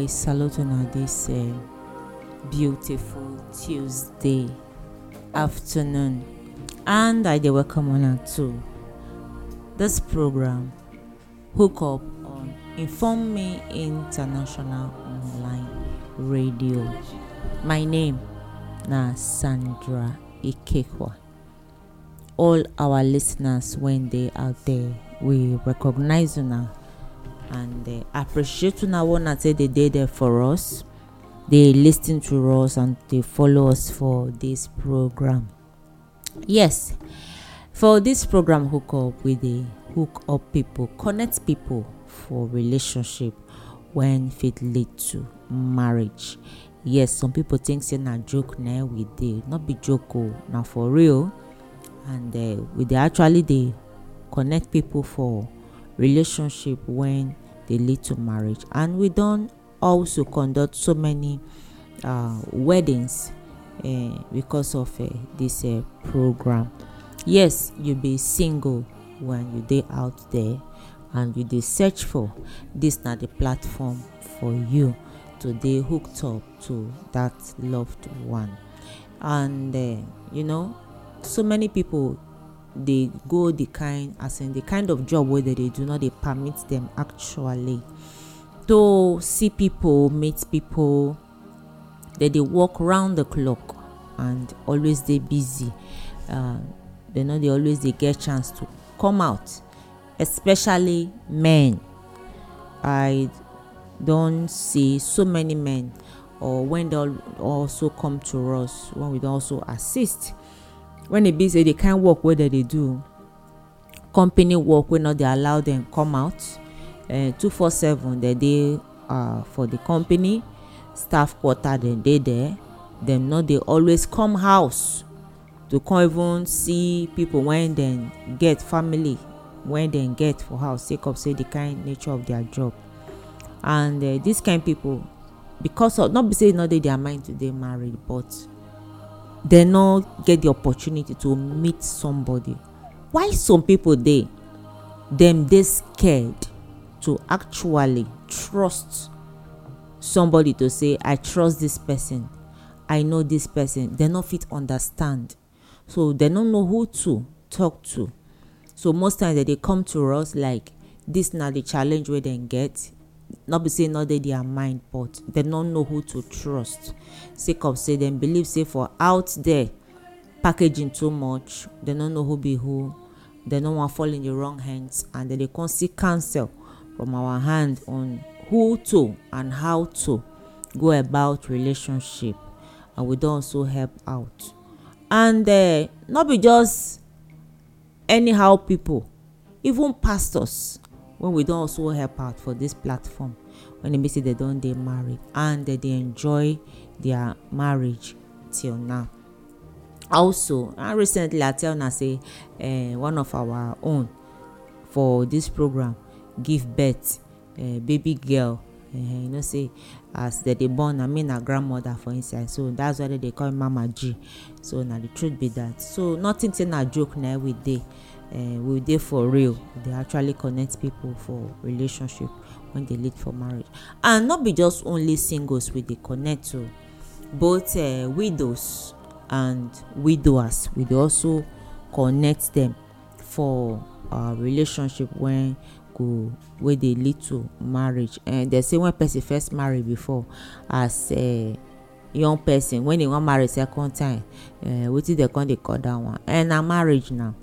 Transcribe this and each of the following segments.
I salute on this uh, beautiful Tuesday afternoon, and I do welcome una to this program hook up on Inform Me International Online Radio. My name na Sandra Ikekwa. All our listeners when they are there, we recognize you now. and uh, appreciate una one say they dey there for us they listen to us and they follow us for this program yes for this program hook up we dey hook up people connect people for relationship when fit lead to marriage yes some people think say na joke na we dey no be joke o na for real and uh, we dey actually dey connect people for relationship when they lead to marriage and we don't also conduct so many uh, weddings uh, because of uh, this eh, program yes you be single when you dey out there and you dey search for this na the platform for you to dey hooked up to that loved one and you know so many people dey go the kind as in the kind of job wey dem dey do no dey permit dem actually to see people meet people dem dey work round the clock and always dey busy uh, dem no dey always dey get chance to come out especially men i don see so many men or when they also come to us when we don also assist when e be say the kind work wey dem dey do company work wey no dey allow dem come out eh, two four seven dem dey ah, for the company staff quarter dem dey there dem no dey always come house to come even see people when dem get family when dem get for house sake of say the kind nature of their job and uh, this kind people because of not be say e no dey their mind to dey married but they not get the opportunity to meet somebody why some people dey dem dey scared to actually trust somebody to say i trust this person i know this person dem no fit understand so dem no know who to talk to so most times dem dey come to us like this na the challenge wey dem get not be say no dey their mind but dem no know who to trust sake of say dem believe say for out there packaging too much dem no know who be who dem no wan fall in the wrong hands and dem dey come see counsel from our hand on who to and how to go about relationship and we don also help out and uh, eh, no be just anyhow people even pastors when we don also help out for this platform when they be say dem don dey married and they dey enjoy their marriage till now also and uh, recently i tell una say uh, one of our own for this program give birth uh, baby girl uh, you know say as dem dey born i mean na grandmother for inside so that's why they dey call mama g so na the truth be that so nothing say na joke na we dey uh, eh, will dey for real dey actually connect people for relationship when dey lead for marriage and no be just only singles we dey connect to both uh, widows and widowers we dey also connect them for uh, relationship when go wey dey lead to marriage and uh, dem say when person first marry before as uh, young person when e wan marry second time uh, wetin dem come dey call that one And na marriage now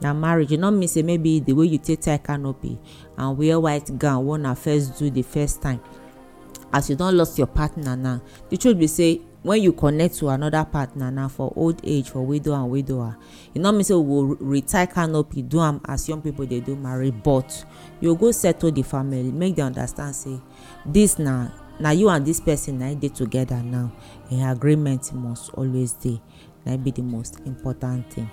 na marriage you no mean say maybe the way you take tie canopy and wear white gown una first do the first time as you don lost your partner now the truth be say when you connect to another partner now for old age for widow and widower e no mean say we go retire canopy do am as young people dey do marry. but you go settle the family make dem understand say this na na you and this person na e dey together now and agreement must always dey na e be the most important thing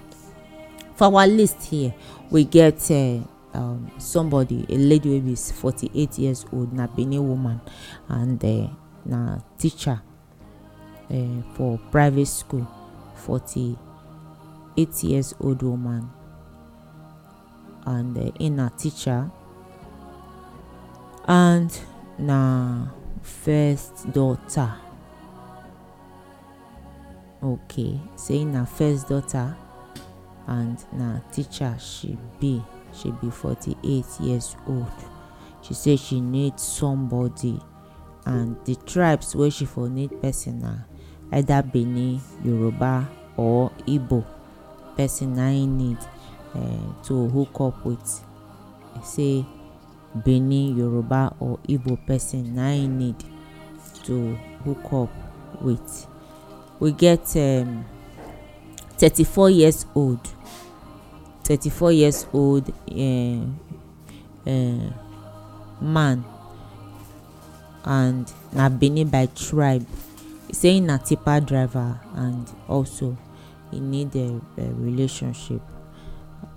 for our list here we get uh, um, somebody a lady wey be forty-eight years old na benin woman and uh, na teacher uh, for private school forty-eight years old woman and uh, in na teacher and na first daughter okay saying na first daughter and na teacher she be she be forty-eight years old she say she need somebody and the tribes wey she for need person na either benin yoruba or igbo person na im need uh, to hook up with say benin yoruba or igbo person na im need to hook up with we get um, 34 years old 34 years old uh, uh, man and na benin by tribe saying na tipa driver and also he need a, a relationship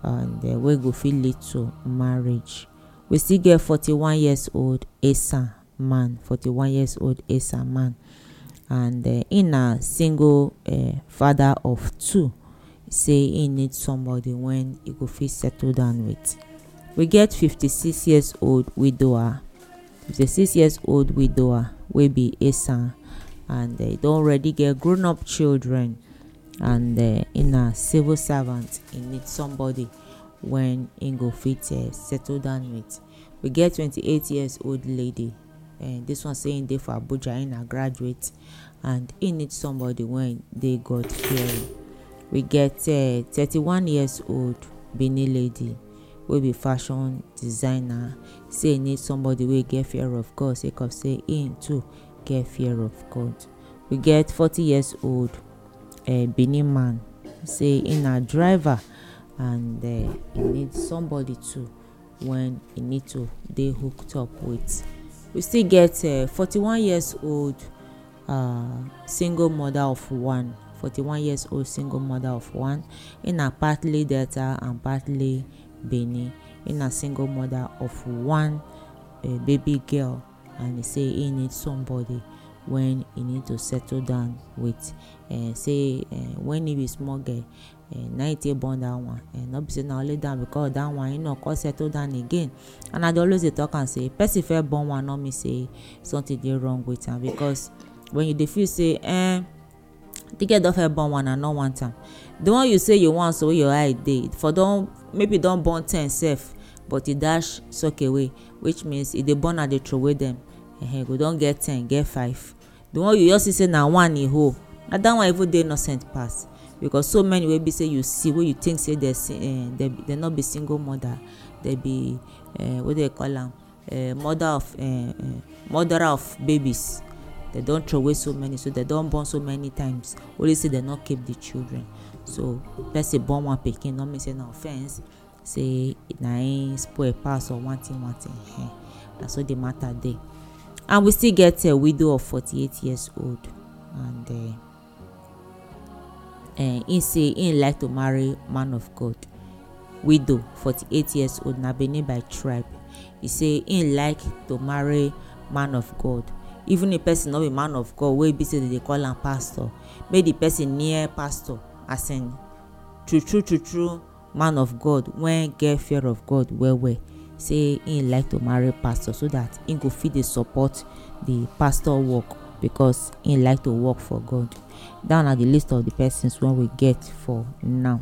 and uh, wey go fit lead to marriage we still get 41 years old Esa man 41 years old Esa man and uh, he na single uh, father of two say he need somebody when he go fit settle down with we get 56 years old widower 56 years old widower wey be asan and dem eh, don already get grown up children and in eh, a civil servant he need somebody when he go fit eh, settle down with we get 28 years old lady and this one say im dey for abuja im na graduate and he need somebody when dey god fearing we get uh, 31 years old benin lady wey be fashion designer say e need somebody wey get fear of god sake of say im too get fear of god we get 40 years old uh, benin man say im na driver and uh, e need somebody too when he need to dey hooked up with we still get uh, 41 years old uh, single mother of one 41 years old single mother of one in ina partly delta and partly benin ina single mother of one uh, baby girl and he say he need somebody when he need to settle down with uh, say uh, when he be small girl uh, na he take born that one uh, no be say na only that because that one he no come settle down again and i dey always dey talk am say person first born one no mean say something dey wrong with am because when you dey feel say eh the girl don first born one and no want am the one you say you want so wey your eye dey for don maybe don born ten sef but e dash suck away which means e dey born and dey throway dem ehem go don get ten get five the one you just see say na one e hold na that one even dey innocent pass because so many wey be say you see wey you think say dey uh, eh, dey dey no be single mother dey be uh, what dey call am uh, mother of uh, uh, murderer of babies they don throw away so many so they don born so many times only say they no keep the children so person born one pikin no mean say na offence say na him spoil pass or one thing one thing eh na so the matter dey and we still get a widow of forty-eight years old and uh, uh, he say he like to marry man of god widow forty-eight years old na benin by tribe he say he like to marry man of god even if person no be man of god wey be say dem dey call am pastor make the person near pastor as in true true true true man of god wen get fear of god well well say him like to marry pastor so that him go fit dey support the pastor work because him like to work for god that na the list of the persons wey we get for now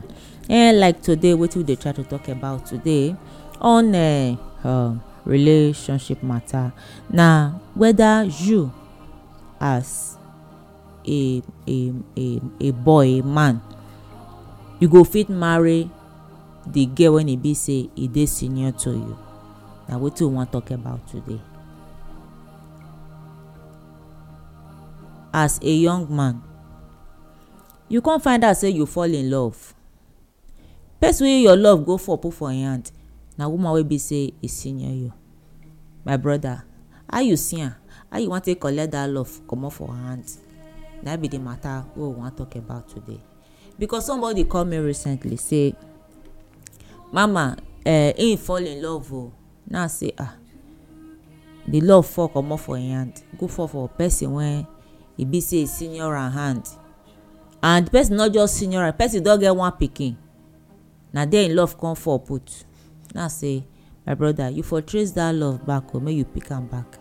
and eh, like today wetin we dey try to talk about today on uh, um, relationship matter na whether you as a a a a boy a man you go fit marry the girl when e be say e dey senior to you na wetin we wan talk about today as a young man you come find out say you fall in love person wey your love go for put for hand na woman wey be say e senior you my brother how you see am how you wan take collect that love comot for hand na be the matter wey we wan talk about today because somebody call me recently say mama eh, he fall in love o oh. now say ah the love fall comot for im hand go fall for person wey e be say e senior am hand and the person no just senior am person don get one pikin na there im love come fall put now say my brother you for trace that love back o may you pick am back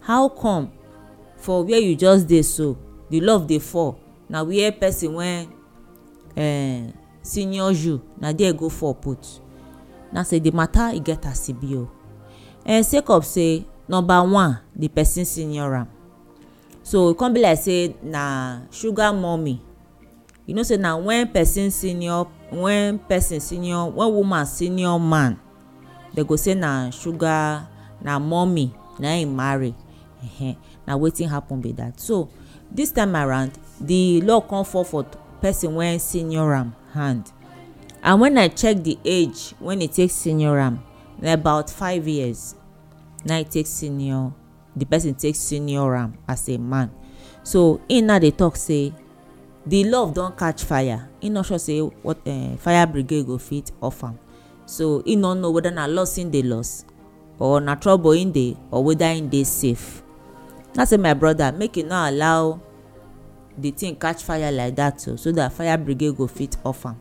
how come for where you just dey so the love dey fall na where person wey eh senior you na there go fall put na say the matter e get as e be o oh. um, eh, sake of say number one the person senior am so e come be like say na sugar mummy you know say na when person senior when person senior when woman senior man dem go say na sugar na mummy na im marry um na wetin happen be that so this time around the law come fall for person wey senior am hand and when i check the age when e take senior am na about five years na e take senior the person take senior am as a man so im now dey talk say the love don catch fire im no sure say what uh, fire brigade go fit off am so he no know whether na loss him dey loss or na trouble him dey or whether him dey safe na say my brother make you no allow the thing catch fire like that o oh, so that fire brigade go fit off am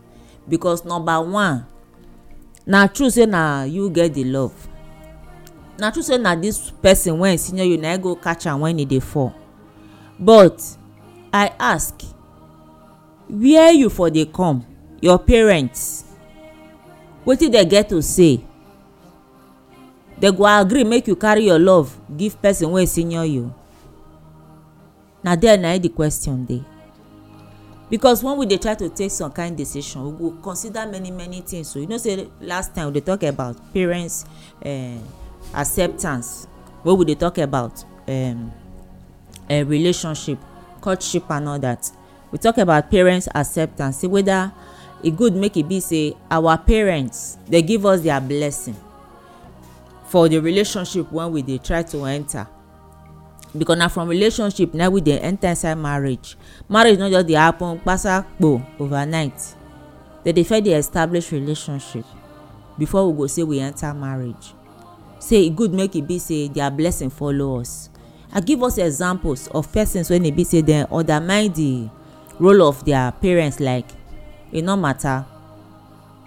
because number one na true say na you get the love na true say na this person wey senior you na e go catch am when e dey fall but i ask where you for dey come your parents wetin dem get to say dem go agree make you carry your love give person wey senior you na there na the question dey because when we dey try to take some kind decision we go consider many many things so you know say last time we dey talk about parents uh, acceptance wey we dey talk about um, uh, relationship courtship and all that we talk about parents acceptance say whether e good make e be say our parents dey give us their blessing for the relationship wey we dey try to enter because na from relationship na we dey enter inside marriage marriage no just dey happen kpasakpo overnight dem dey first dey establish relationship before we go say we enter marriage say e good make e be say their blessing follow us i give us examples of persons wey e be say dem undermine the role of their parents like e no matter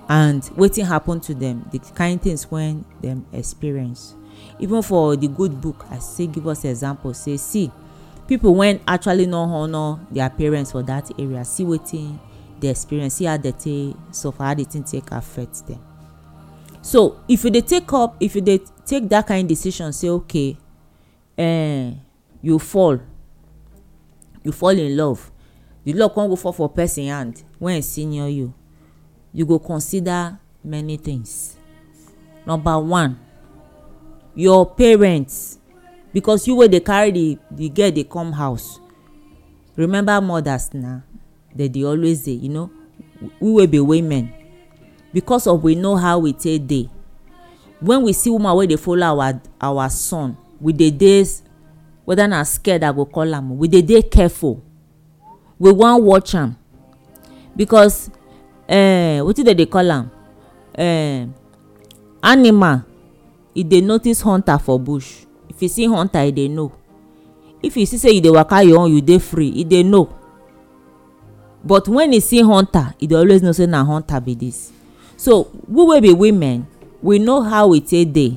and wetin happen to them the kind things when dem experience even for the good book i still give us example say see people when actually no honour their parents for that area see wetin dey experience see how dey take suffer how the thing take affect them so if you dey take up if you dey take that kind of decision say okay eh, you fall you fall in love the law come go fall for person hand when e senior you you go consider many things number one your parents because you wey dey carry the the girl dey come house remember mothers na dey dey always dey you know we wey be women because of we know how we take dey when we see woman wey dey follow our our son we dey dey whether na scared i go call am we dey dey careful we wan watch am because um, wetin dem dey call am um, animal e dey notice hunter for bush if e see hunter e dey know if e see say you dey waka your own you dey free e dey know but when e see hunter e dey always know say na hunter be this so we wey be women we know how we take dey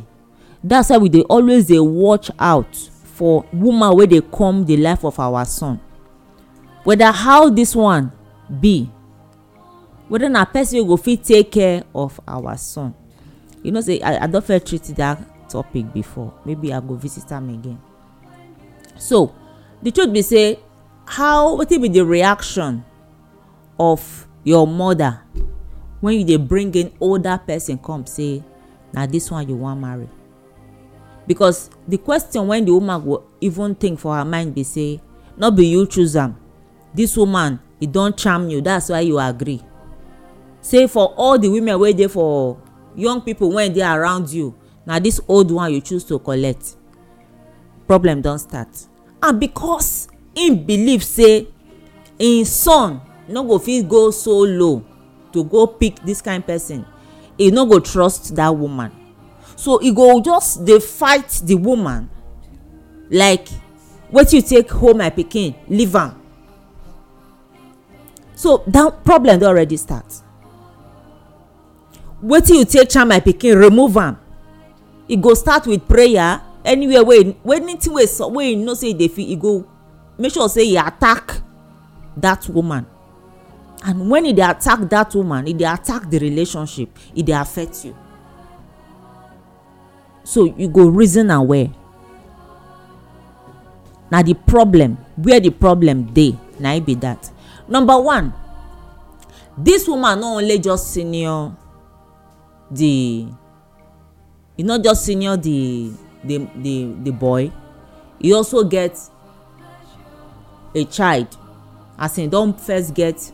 that's why we dey always dey watch out for woman wey dey come the life of our son whether how this one be whether na person wey go fit take care of our son you know say i i don first treat that topic before maybe i go visit am again so the truth be say how wetin be the reaction of your mother when you dey bring in older person come say na this one you wan marry because the question when the woman go even think for her mind be say no be you choose am this woman e don charm you that's why you agree say for all the women wey dey for young people wey dey around you na this old one you choose to collect problem don start and because him believe say him son no go fit go so low to go pick this kind person he no go trust that woman so he go just dey fight the woman like wetin you take hold my pikin leave am so that problem don already start wetin you take charm my pikin remove am e go start with prayer anywhere wey anything wey wey you know say e dey feel e go make sure say e attack that woman and when e dey attack that woman e dey attack the relationship e dey affect you so you go reason am well na the problem where the problem dey na e be that number one this woman no only just senior the e no just senior the the the the boy e also get a child as in don first get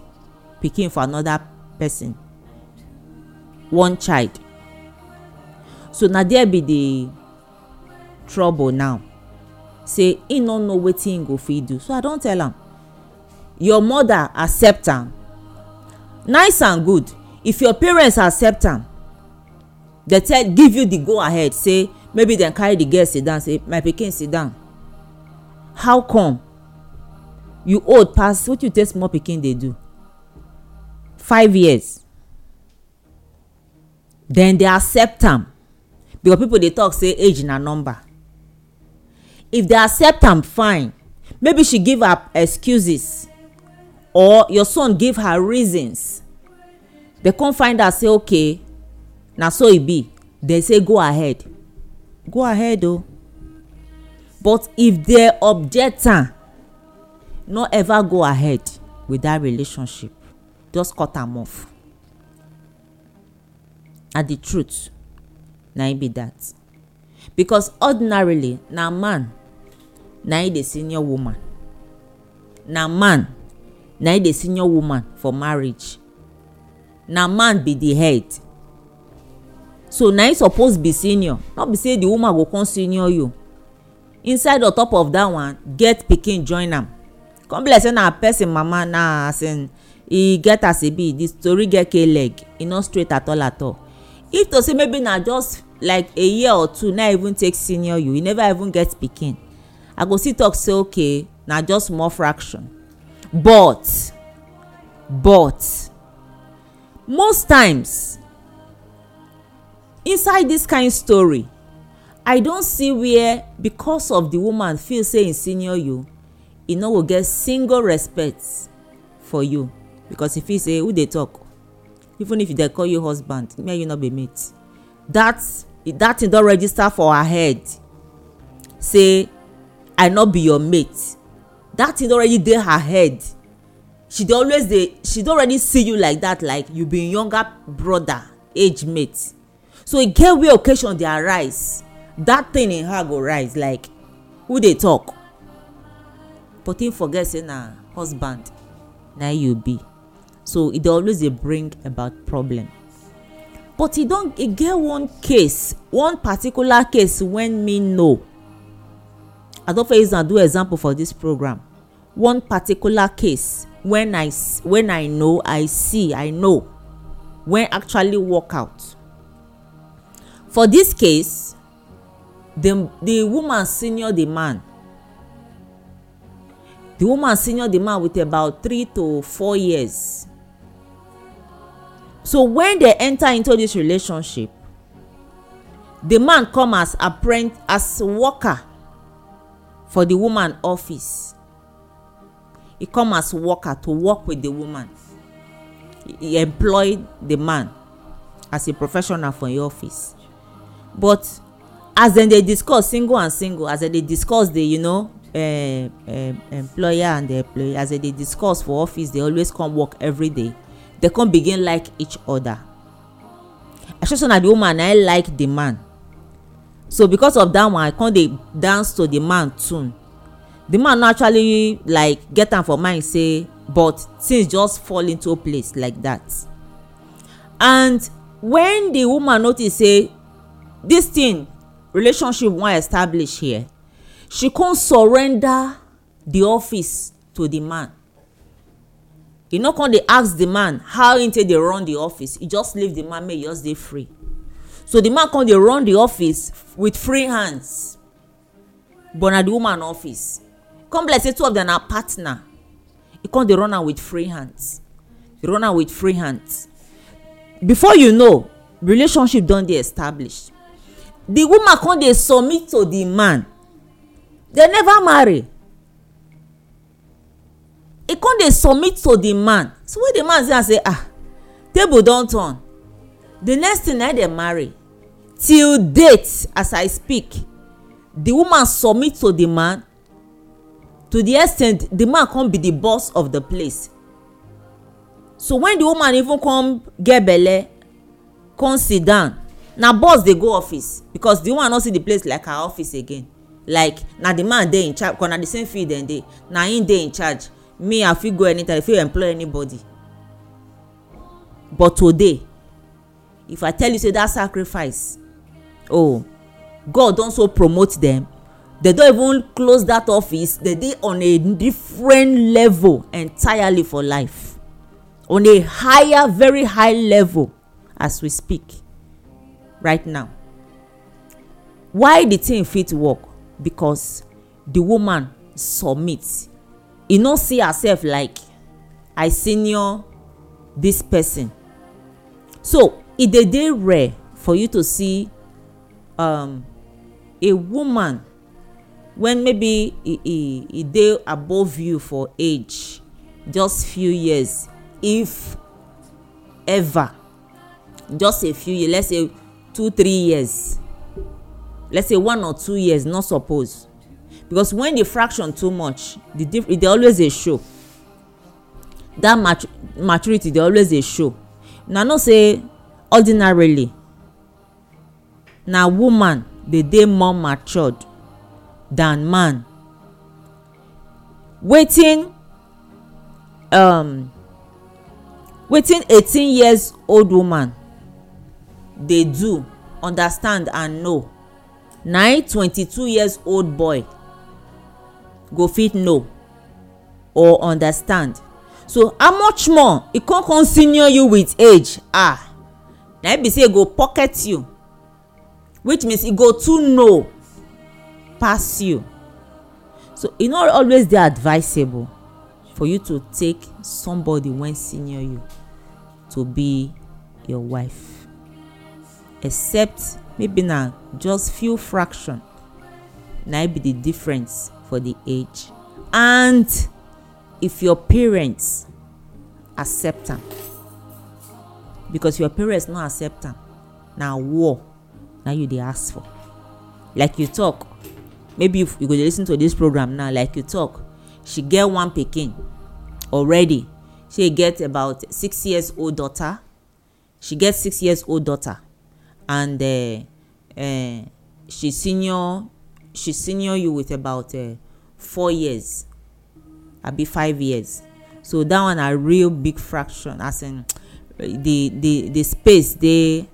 pikin for another person one child so na there be the trouble now say e no know wetin e go fit do so i don tell am your mother accept am nice and good if your parents accept am dey tell give you the go ahead say maybe dem carry the girl sit down say my pikin sit down how come you old pass what you take small pikin dey do five years then they accept am because people dey talk say age na number if they accept am fine maybe she give her excuses or your son give her reasons they come find out say okay na so e be they say go ahead go ahead o oh. but if they object am no ever go ahead with that relationship just cut am off na the truth na im e be that because ordinarily na man na im e dey senior woman na man na the senior woman for marriage na man be the head so na him suppose be senior no be say the woman go come senior you inside on top of that one get pikin join am come be like say na person mama na as in e get as e be the story get k leg e no straight at all at all if to say maybe na just like a year or two na even take senior you e never even get pikin i go still talk say okay na just small fraction but but most times inside this kind story i don see where because of the woman feel say im senior you e no go get single respect for you because e feel say who dey talk even if dem call you husband may you no be mate that that thing don register for her head say i no be your mate that thing already dey her head she dey always dey she don already see you like that like you be younger brother age mate so e get where occasion dey arise that thing in her go rise like who dey talk but him forget say na husband na you be so e dey always dey bring about problem but e don e get one case one particular case wen me know i don fit use am do example for this program one particular case when i when i know i see i know when actually work out for this case the the woman senior the man the woman senior the man with about three to four years so when they enter into this relationship the man come as apprentice as worker for the woman office he come as worker to work with the woman he employ the man as a professional for him office but as dem dey discuss single and single as dem dey discuss the you know uh, uh, employer and the employee as dem dey discuss for office dey always come work every day dey come begin like each other I asosona the woman na like the man so because of that one i come dey dance to the man tune the man no actually like get am for mind say but things just fall into place like that and when the woman notice say this thing relationship wan establish here she come surrender the office to the man e no come dey ask the man how him take dey run the office He just leave the man make e just dey free so the man come dey run the office with free hands but na the woman office come be like say two of them na partner e come dey run am with free hands dey run am with free hands before you know relationship don dey established the woman come dey submit to the man they never marry e come dey submit to the man so when the man see am say ah table don turn the next thing na dem marry till date as i speak the woman submit to the man to the extent the man come be the boss of the place so when the woman even come get belle come sit down na boss dey go office because the woman no see the place like her office again like na the man dey in charge cause na the same field dem dey na him dey in charge me i fit go anytime i fit employ anybody but today if i tell you say that sacrifice oh god don so promote dem they don even close that office they dey on a different level entirely for life on a higher very high level as we speak right now why the thing fit work because the woman submit e no see herself like i senior this person so e dey dey rare for you to see um, a woman when maybe e e dey above you for age just few years if ever just a few years let's say two three years let's say one or two years not suppose because when the fraction too much the diff e dey always dey show that mat maturity dey always dey show una know say ordinarily na woman dey dey more matured than man wetin um wetin eighteen years old woman dey do understand and know na im twenty-two years old boy go fit know or understand so how much more e come come senior you with age ah na im be say e go pocket you which means e go too know pass you so e no always dey advisable for you to take somebody wen senior you to be your wife except maybe na just few fraction na be the difference for the age and if your parents accept am because your parents no accept am na war na you dey ask for like you talk maybe if you go dey lis ten to this program now like you talk she get one pikin already she get about six years old daughter she get six years old daughter and uh, uh, she senior she senior you with about uh, four years abi five years so that one na real big fraction as in the the the space dey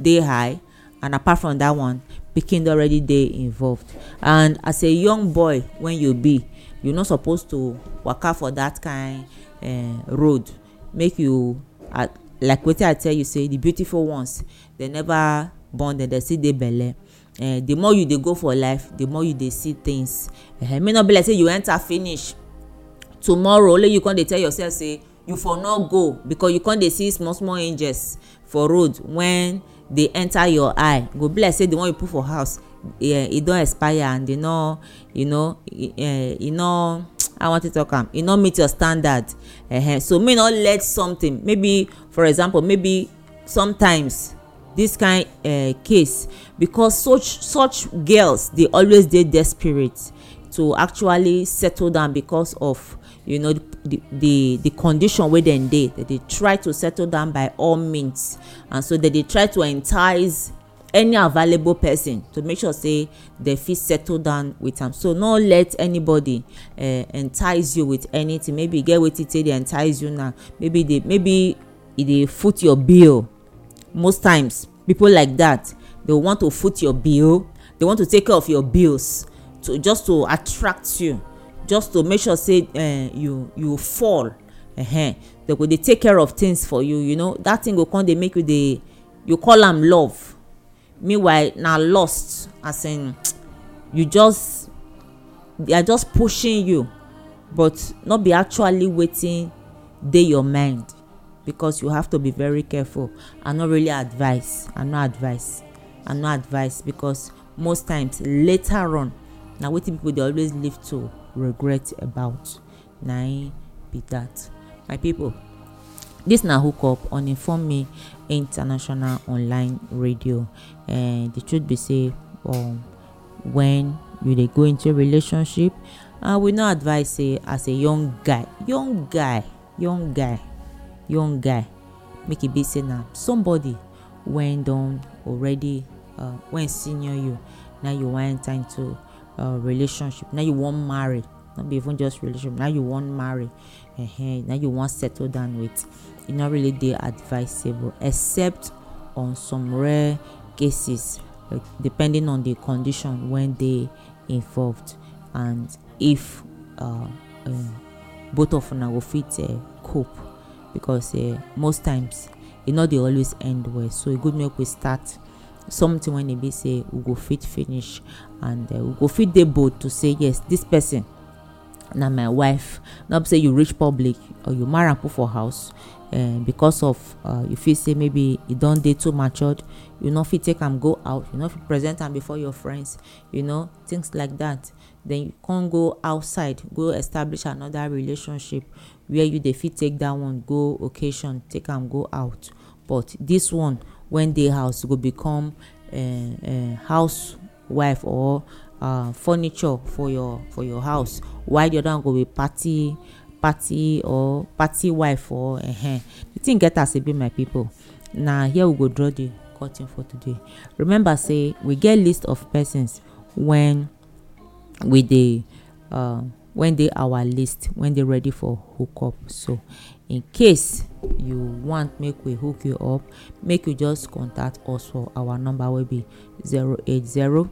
dey high and apart from that one pikin already dey involved and as a young boy when you be you no suppose to waka for that kind uh, road make you uh, like wetin i tell you say the beautiful ones they never born dem dey still dey belle uh, the more you dey go for life the more you dey see things uh, eh, may not be like say you enter finish tomorrow only you come dey tell yourself say you for no go because you come dey see small small angels for road when dey enter your eye go be like say the one you put for house yeah, e don expire and e no you know e, eh, e no i wan take talk am e no meet your standard uh -huh. so may no let something maybe for example maybe sometimes this kind uh, case because such such girls dey always dey desperate to actually settle down because of you know the the the condition wey dem dey dem dey try to settle down by all means and so dem dey try to entice any available person to make sure say dem fit settle down with am so no let anybody uh, entice you with anything maybe e get wetin take dey entice you now maybe dey maybe e dey foot your bill most times people like that they want to foot your bill they want to take care of your bills to just to attract you just to make sure say uh, you you fall uh-huh. they go dey take care of things for you you know that thing go come dey make you dey you call am love meanwhile na lost. as in you just they are just pushing you but no be actually wetin dey your mind because you have to be very careful i no really advise i no advise i no advise because most times later on na wetin people dey always live to regret about na be that my people this na hook up on inform me international online radio and eh, the truth be say um, when you dey go into relationship i uh, will not advise say as a young guy young guy young guy young guy make e be say na somebody wey don already uh, wey senior you na you wan enter into uh, relationship now you wan marry no be even just relationship now you wan marry uh-huh. now you wan settle down with e no really dey advisable except on some rare cases like depending on the condition when dey involved and if uh, uh, both of una go fit uh, cope because uh, most times e no dey always end well so e good make we start something wey e be say we go fit finish and uh, we go fit dey bold to say yes this person na my wife no be say you reach public or you marry am put for house uh, because of uh, you feel say maybe e don dey too matured you no fit take am go out you no fit present am before your friends you know things like that then you come go outside go establish another relationship where you dey fit take that one go occasion take am go out but this one wen dey house you go become uh, uh, housewife or uh, furniture for your for your house while the other one go be party party or party wife or uh-huh. the thing get as e be my people na here we go draw the curtain for today remember say we get list of persons when we dey. Uh, when they our list when they ready for hook up. so in case you want make we hook you up make you just contact us for our number will be 080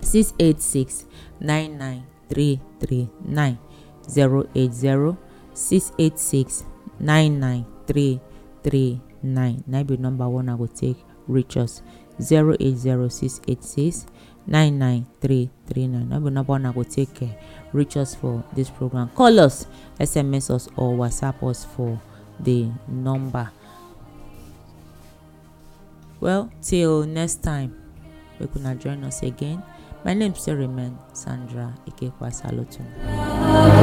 686 99339 080 686 99339 na be number one i will take reach us 080 686 99339 na be number one i go take care reach us for this program call us sms us or whatsapp us for the number well till next time make una join us again my name still remain sandra ikekwa salotun.